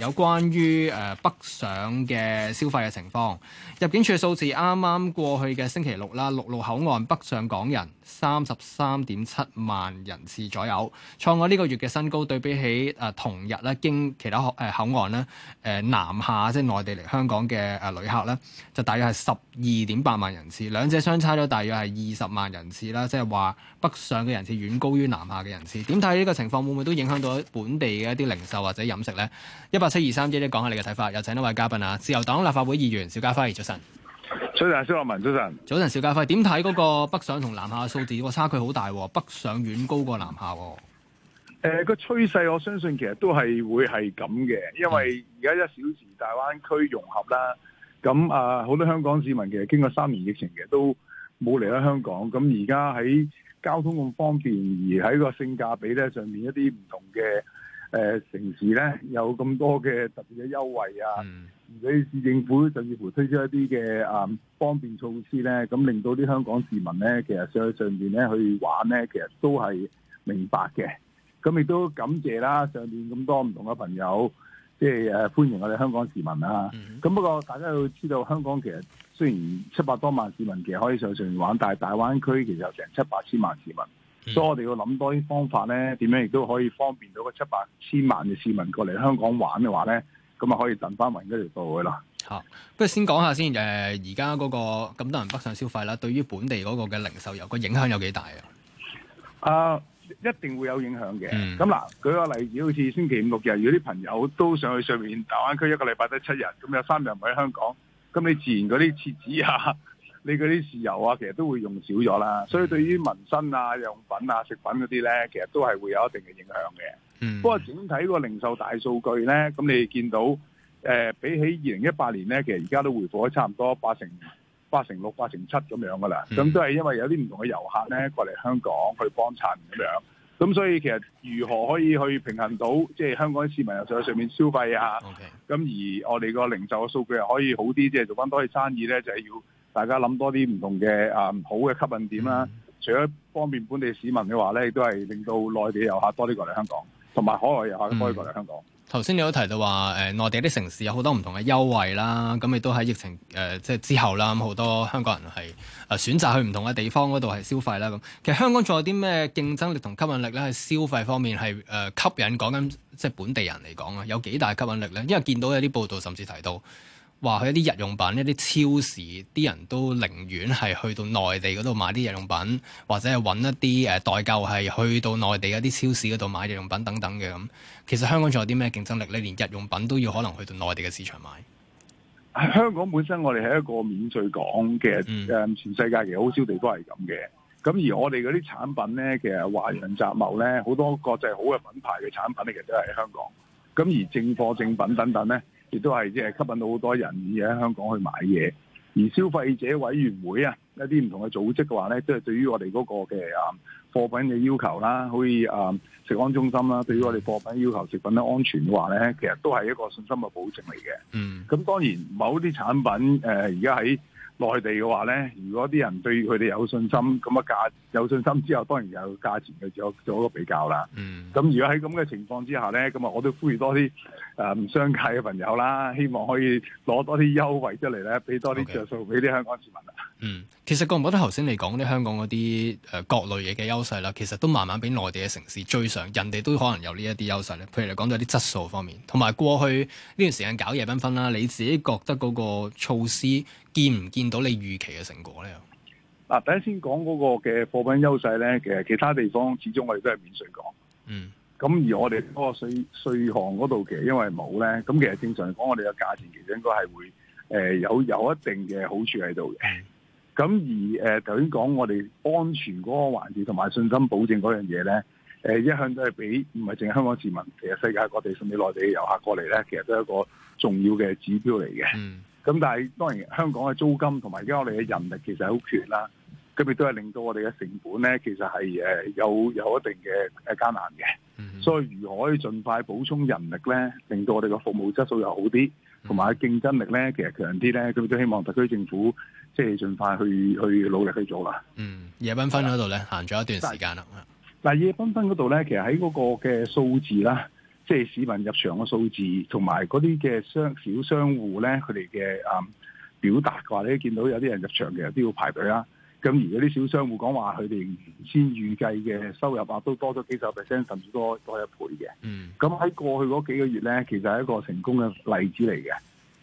有關於北上嘅消費嘅情況，入境處嘅數字啱啱過去嘅星期六啦，陸路口岸北上港人三十三點七萬人次左右，創下呢個月嘅新高。對比起同日咧經其他口口岸咧南下即係內地嚟香港嘅旅客咧，就大約係十二點八萬人次，兩者相差咗大約係二十萬人次啦。即係話北上嘅人次遠高於南下嘅人次。點睇呢個情況會唔會都影響到本地嘅一啲零售或者飲食咧？一百。七二三一一，講下你嘅睇法。有請一位嘉賓啊，自由黨立法會議員邵家輝，早晨。早晨，阿蕭樂文，早晨。早晨，邵家輝，點睇嗰個北上同南下數字？哦、個差距好大，北上遠高過南下。喎、呃。個趨勢我相信其實都係會係咁嘅，因為而家一小時大灣區融合啦。咁啊，好、呃、多香港市民其實經過三年疫情，其實都冇離開香港。咁而家喺交通咁方便，而喺個性價比咧上面一啲唔同嘅。誒、呃、城市咧有咁多嘅特別嘅優惠啊，而你、mm. 市政府甚至乎推出一啲嘅啊方便措施咧，咁令到啲香港市民咧，其實上去上邊咧去玩咧，其實都係明白嘅。咁亦都感謝啦，上面咁多唔同嘅朋友，即、就、係、是啊、歡迎我哋香港市民啦、啊。咁、mm hmm. 不過大家都知道，香港其實雖然七百多萬市民其實可以上去上面玩，但係大灣區其實有成七八千萬市民。嗯、所以我哋要諗多啲方法咧，點樣亦都可以方便到個七八千萬嘅市民過嚟香港玩嘅話咧，咁啊可以振翻民嗰條道嘅啦。吓、啊，不如先講下先。誒、呃，而家嗰個咁多人北上消費啦，對於本地嗰個嘅零售業個影響有幾大啊？啊、呃，一定會有影響嘅。咁嗱、嗯，舉個例子，好似星期五六日，如果啲朋友都上去上面大灣區一個禮拜得七日，咁有三日唔喺香港，咁你自然嗰啲設置一下。啊。你嗰啲豉油啊，其實都會用少咗啦，所以對於民生啊、用品啊、食品嗰啲咧，其實都係會有一定嘅影響嘅。嗯。不過整體個零售大數據咧，咁你見到、呃、比起二零一八年咧，其實而家都回復咗差唔多八成、八成六、八成七咁樣噶啦。咁都係因為有啲唔同嘅遊客咧過嚟香港去幫襯咁樣。咁所以其實如何可以去平衡到即係香港市民又再上面消費啊？OK。咁而我哋個零售嘅數據又可以好啲，即係做翻多啲生意咧，就係要。大家諗多啲唔同嘅啊好嘅吸引點啦，嗯、除咗方便本地市民嘅話咧，亦都係令到內地遊客多啲過嚟香港，同埋海外遊客多啲過嚟香港。頭先、嗯、你都提到話誒、呃、內地啲城市有好多唔同嘅優惠啦，咁亦都喺疫情、呃、即係之後啦，咁好多香港人係誒、呃、選擇去唔同嘅地方嗰度係消費啦。咁其實香港仲有啲咩競爭力同吸引力咧？喺消費方面係、呃、吸引，講緊即係本地人嚟講啊，有幾大吸引力咧？因為見到有啲報道，甚至提到。話佢一啲日用品、一啲超市，啲人都寧願係去到內地嗰度買啲日用品，或者係揾一啲誒、呃、代購係去到內地一啲超市嗰度買日用品等等嘅咁。其實香港仲有啲咩競爭力呢？連日用品都要可能去到內地嘅市場買。香港本身，我哋係一個免稅港嘅，誒、嗯、全世界嘅好少地都係咁嘅。咁而我哋嗰啲產品呢，其實華人雜貿呢，好多國際好嘅品牌嘅產品呢，其實都喺香港。咁而正貨正品等等呢。亦都係即係吸引到好多人而喺香港去買嘢，而消費者委員會啊，一啲唔同嘅組織嘅話咧，都係對於我哋嗰個嘅啊貨品嘅要求啦，可以啊食安中心啦，對於我哋貨品要求食品嘅安全嘅話咧，其實都係一個信心嘅保證嚟嘅。嗯，咁當然某啲產品誒而家喺。內地嘅話咧，如果啲人對佢哋有信心，咁啊價有信心之後，當然有價錢去做做一個比較啦。嗯，咁如果喺咁嘅情況之下咧，咁啊我都呼籲多啲誒商界嘅朋友啦，希望可以攞多啲優惠出嚟咧，俾多啲着數俾啲香港市民啦。okay. 嗯，其實覺唔覺得頭先你講啲香港嗰啲誒各類嘢嘅優勢啦，其實都慢慢俾內地嘅城市追上，人哋都可能有呢一啲優勢咧。譬如你講到啲質素方面，同埋過去呢段時間搞夜繽紛啦，你自己覺得嗰個措施見唔見到你預期嘅成果咧？嗱，第一先講嗰個嘅貨品優勢咧，其實其他地方始終我哋都係免稅港，嗯，咁而我哋嗰個稅稅項嗰度其實因為冇咧，咁其實正常嚟講，我哋嘅價錢其實應該係會誒、呃、有有一定嘅好處喺度嘅。咁而誒頭先講我哋安全嗰個環節同埋信心保證嗰樣嘢咧，誒一向都係俾唔係淨係香港市民，其實世界各地甚至內地嘅遊客過嚟咧，其實都係一個重要嘅指標嚟嘅。咁、嗯、但係當然香港嘅租金同埋而家我哋嘅人力其實係好缺啦，咁亦都係令到我哋嘅成本咧，其實係有有一定嘅誒艱難嘅。嗯、所以如何可以盡快補充人力咧，令到我哋嘅服務質素又好啲，同埋競爭力咧其實強啲咧，咁都希望特區政府。即係盡快去去努力去做啦。嗯，夜繽紛嗰度咧行咗一段時間啦。嗱，但夜繽紛嗰度咧，其實喺嗰個嘅數字啦，即係市民入場嘅數字，同埋嗰啲嘅商小商戶咧，佢哋嘅誒表達嘅話咧，你見到有啲人入場其實都要排隊啦。咁而嗰啲小商戶講話，佢哋原先預計嘅收入啊，都多咗幾十 percent，甚至多多一倍嘅。嗯。咁喺過去嗰幾個月咧，其實係一個成功嘅例子嚟嘅。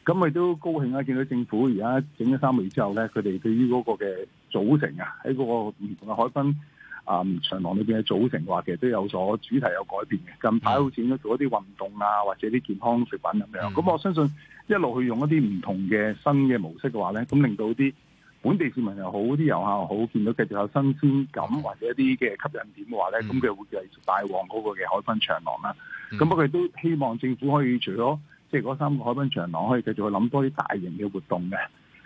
咁亦都高興啊，見到政府而家整咗三個月之後咧，佢哋對於嗰個嘅組成啊，喺嗰個唔同嘅海濱啊長廊裏面嘅組成話，其實都有所主題有改變嘅。近排好似做一啲運動啊，或者啲健康食品咁樣。咁、嗯、我相信一路去用一啲唔同嘅新嘅模式嘅話咧，咁令到啲本地市民又好，啲遊客又好，見到嘅就有新鮮感或者一啲嘅吸引點嘅話咧，咁佢、嗯、會繼續帶旺嗰個嘅海濱長廊啦。咁、嗯、不過亦都希望政府可以除咗。即係嗰三個海濱長廊可以繼續去諗多啲大型嘅活動嘅。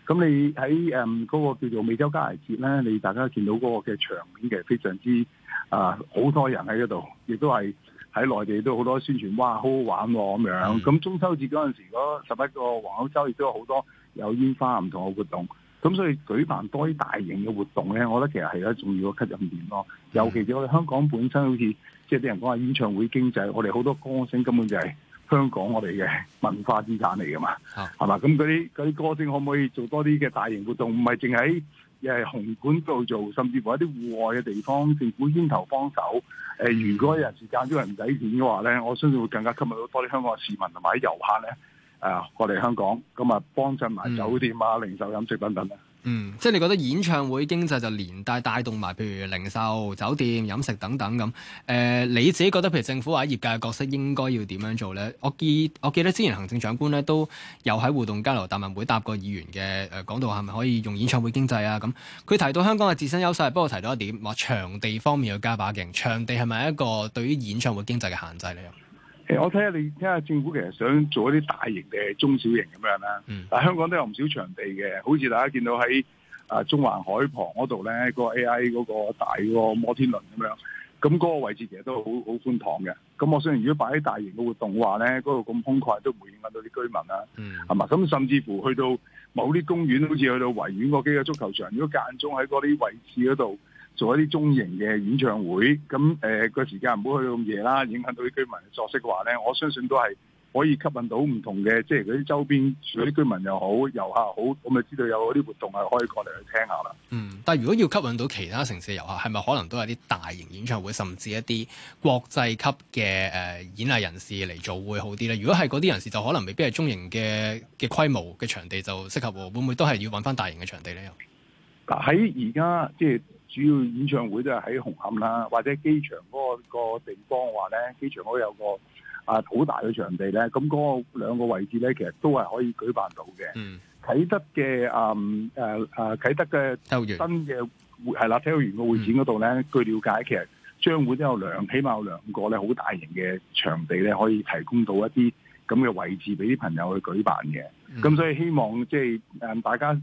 咁你喺誒嗰個叫做美洲嘉年節咧，你大家見到嗰個嘅場面其實非常之啊、呃，好多人喺嗰度，亦都係喺內地都好多宣傳，哇，好好玩喎、哦、咁樣。咁中秋節嗰陣時候，十一個黃金周亦都有好多有煙花唔同嘅活動。咁所以舉辦多啲大型嘅活動咧，我覺得其實係有一重要嘅吸引點咯。尤其係我哋香港本身好似即係啲人講話演唱會經濟，我哋好多歌星根本就係、是。香港我哋嘅文化資產嚟噶嘛，係嘛、啊？咁嗰啲啲歌星可唔可以做多啲嘅大型活動？唔係淨喺誒紅館度做，甚至乎一啲戶外嘅地方，政府牽頭幫手。誒、呃，如果有時間邀人仔錢嘅話咧，我相信會更加吸引到多啲香港嘅市民同埋遊客咧，誒、啊、過嚟香港咁啊，幫襯埋酒店啊、零售飲食等等咧。嗯。嗯，即係你覺得演唱會經濟就連帶帶動埋譬如零售、酒店、飲食等等咁。誒、呃，你自己覺得譬如政府或者業界嘅角色應該要點樣做呢？我記我記得之前行政長官咧都有喺互動交流答問會答過議員嘅誒、呃、講到係咪可以用演唱會經濟啊？咁佢提到香港嘅自身優勢，不過提到一點話場地方面要加把勁，場地係咪一個對於演唱會經濟嘅限制嚟？我睇下你聽下政府其實想做一啲大型嘅中小型咁樣啦。但香港都有唔少場地嘅，好似大家見到喺中環海旁嗰度咧，個 AI 嗰個大個摩天輪咁樣，咁嗰個位置其實都好好寬敞嘅。咁我相信如果擺喺大型嘅活動話咧，嗰度咁空曠都唔會影響到啲居民啦。係嘛？咁甚至乎去到某啲公園，好似去到維園嗰幾個足球場，如果間中喺嗰啲位置嗰度。做一啲中型嘅演唱會，咁誒個時間唔好去咁夜啦，影響到啲居民嘅作息嘅話咧，我相信都係可以吸引到唔同嘅，即係嗰啲周邊住嗰啲居民又好，遊客好，咁咪知道有嗰啲活動係可以過嚟去聽下啦。嗯，但係如果要吸引到其他城市嘅遊客，係咪可能都係啲大型演唱會，甚至一啲國際級嘅誒演藝人士嚟做會好啲咧？如果係嗰啲人士，就可能未必係中型嘅嘅規模嘅場地就適合喎，會唔會都係要揾翻大型嘅場地咧？嗱，喺而家即係。主要演唱會都係喺紅磡啦，或者機場嗰個地方嘅話咧，機場度有個啊好大嘅場地咧，咁嗰兩個位置咧，其實都係可以舉辦到嘅。啟德嘅啊誒誒，啟德嘅新嘅會係啦，體育園嘅會展嗰度咧，嗯、據了解其實將會都有兩，起碼有兩個咧，好大型嘅場地咧，可以提供到一啲咁嘅位置俾啲朋友去舉辦嘅。咁、嗯、所以希望即係誒大家。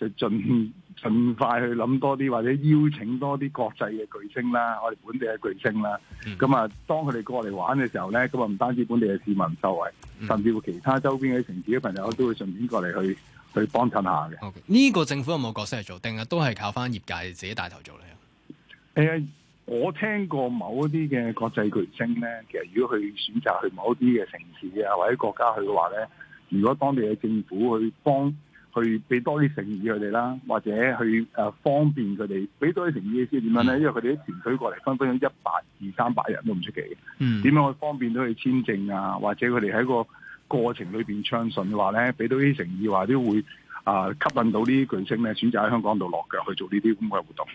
就盡盡快去諗多啲，或者邀請多啲國際嘅巨星啦，我哋本地嘅巨星啦。咁啊、嗯，當佢哋過嚟玩嘅時候咧，咁啊唔單止本地嘅市民受惠，嗯、甚至乎其他周邊嘅城市嘅朋友都會順便過嚟去去幫襯下嘅。呢、Okay. 個政府有冇角色做定啊？是都係靠翻業界自己帶頭做咧。誒、欸，我聽過某一啲嘅國際巨星咧，其實如果去選擇去某一啲嘅城市啊，或者國家去嘅話咧，如果當地嘅政府去幫，去俾多啲誠意佢哋啦，或者去、呃、方便佢哋，俾多啲誠意先點樣咧？因為佢哋啲團隊過嚟，分分一百、二三百人都唔出奇嘅。點樣去方便到佢簽證啊？或者佢哋喺個過程裏面暢順嘅話咧，俾多啲誠意話者會啊、呃、吸引到呢啲巨星咧，選擇喺香港度落腳去做呢啲咁嘅活動。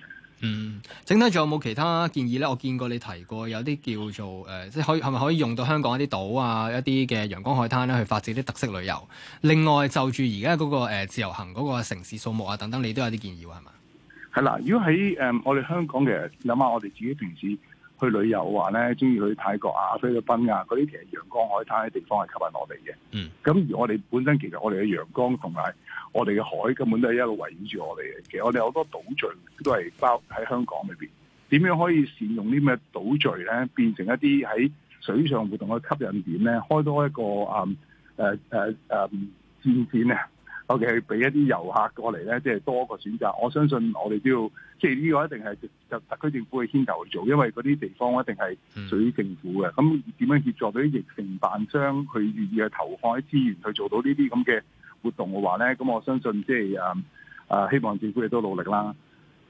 嗯，整體仲有冇其他建議咧？我見過你提過有啲叫做誒、呃，即係可以係咪可以用到香港一啲島啊，一啲嘅陽光海灘咧、啊、去發展啲特色旅遊。另外就住而家嗰個、呃、自由行嗰個城市數目啊等等，你都有啲建議喎，係嘛？係啦，如果喺、呃、我哋香港嘅諗下，想想我哋自己平時，去旅遊話咧，中意去泰國啊、菲律賓啊，嗰啲其實陽光海灘嘅地方係吸引我哋嘅。嗯，咁而我哋本身其實我哋嘅陽光同埋我哋嘅海根本都係一路圍繞住我哋嘅。其實我哋好多島嶼都係包喺香港裏面，點樣可以善用啲咩島嶼咧，變成一啲喺水上活動嘅吸引點咧？開多一個啊誒誒誒戰線 ok 俾一啲遊客過嚟咧，即係多個選擇。我相信我哋都要，即係呢個一定係特特區政府去牽頭去做，因為嗰啲地方一定係屬於政府嘅。咁點樣協助嗰啲疫情辦商佢願意去投放資源去做到呢啲咁嘅活動嘅話咧？咁我相信即係啊希望政府亦都努力啦。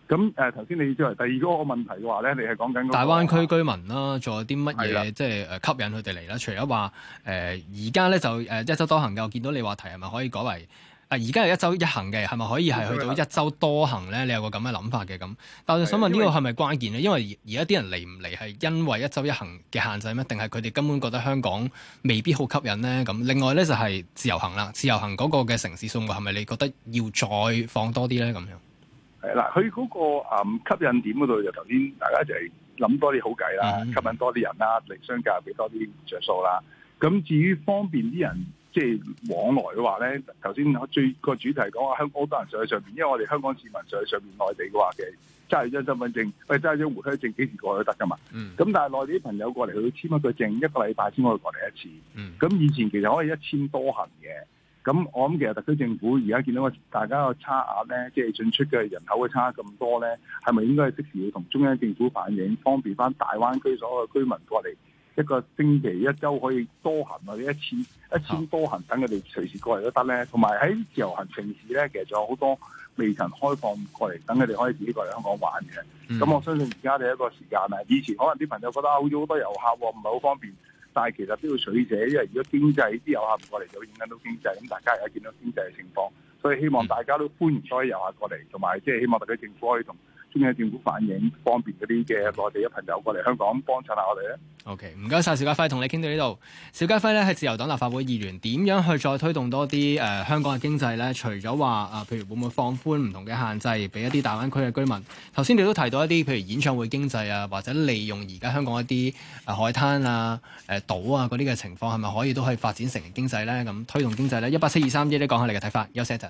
咁誒頭先你作為第二個問題嘅話咧，你係講緊大灣區居民啦、啊，仲有啲乜嘢即係吸引佢哋嚟啦？是的 除咗話而家咧就誒、呃、一周多行嘅，我見到你話題係咪可以改為？啊！而家係一周一行嘅，係咪可以係去到一周多行呢？你有個咁嘅諗法嘅咁。但係我想問呢個係咪關鍵呢？因為而家啲人嚟唔嚟係因為一周一行嘅限制咩？定係佢哋根本覺得香港未必好吸引呢？咁另外呢，就係自由行啦，自由行嗰個嘅城市數目係咪你覺得要再放多啲呢？咁樣係啦，佢嗰個吸引點嗰度就頭先大家就係諗多啲好計啦，吸引多啲人啦，嚟商界俾多啲着數啦。咁至於方便啲人。即係往來嘅話咧，頭先最個主題講話香港好多人上去上面，因為我哋香港市民上去上面內地嘅話嘅，揸住張身份證，喂，揸張回鄉證幾時過去都得噶嘛。嗯。咁但係內地啲朋友過嚟，佢要簽一個證，一個禮拜先可以過嚟一次。嗯。咁以前其實可以一簽多行嘅，咁我諗其實特區政府而家見到個大家個差額咧，即係進出嘅人口嘅差額咁多咧，係咪應該即時要同中央政府反映，方便翻大灣區所有嘅居民過嚟？一個星期一周可以多行啊，或者一次多行等佢哋隨時過嚟都得咧。同埋喺自由行城市咧，其實仲有好多未曾開放過嚟，等佢哋可以自己過嚟香港玩嘅。咁、嗯、我相信而家就係一個時間啦。以前可能啲朋友覺得好咗好多遊客，唔係好方便，但係其實都要取捨，因為如果經濟啲遊客唔過嚟，就會影響到經濟。咁大家而家見到經濟嘅情況，所以希望大家都歡迎所有遊客過嚟，同埋即係希望大家政府可以同。先喺政府反映方便嗰啲嘅內地嘅朋友過嚟香港幫襯下我哋咧。OK，唔該晒。邵家輝同你傾到呢度。邵家輝咧係自由黨立法會議員，點樣去再推動多啲誒、呃、香港嘅經濟咧？除咗話啊，譬如會唔會放寬唔同嘅限制，俾一啲大灣區嘅居民？頭先你都提到一啲，譬如演唱會經濟啊，或者利用而家香港一啲誒海灘啊、誒島啊嗰啲嘅情況，係咪可以都可以發展成經濟咧？咁推動經濟咧？一八七二三一咧，講下你嘅睇法。休息一陣。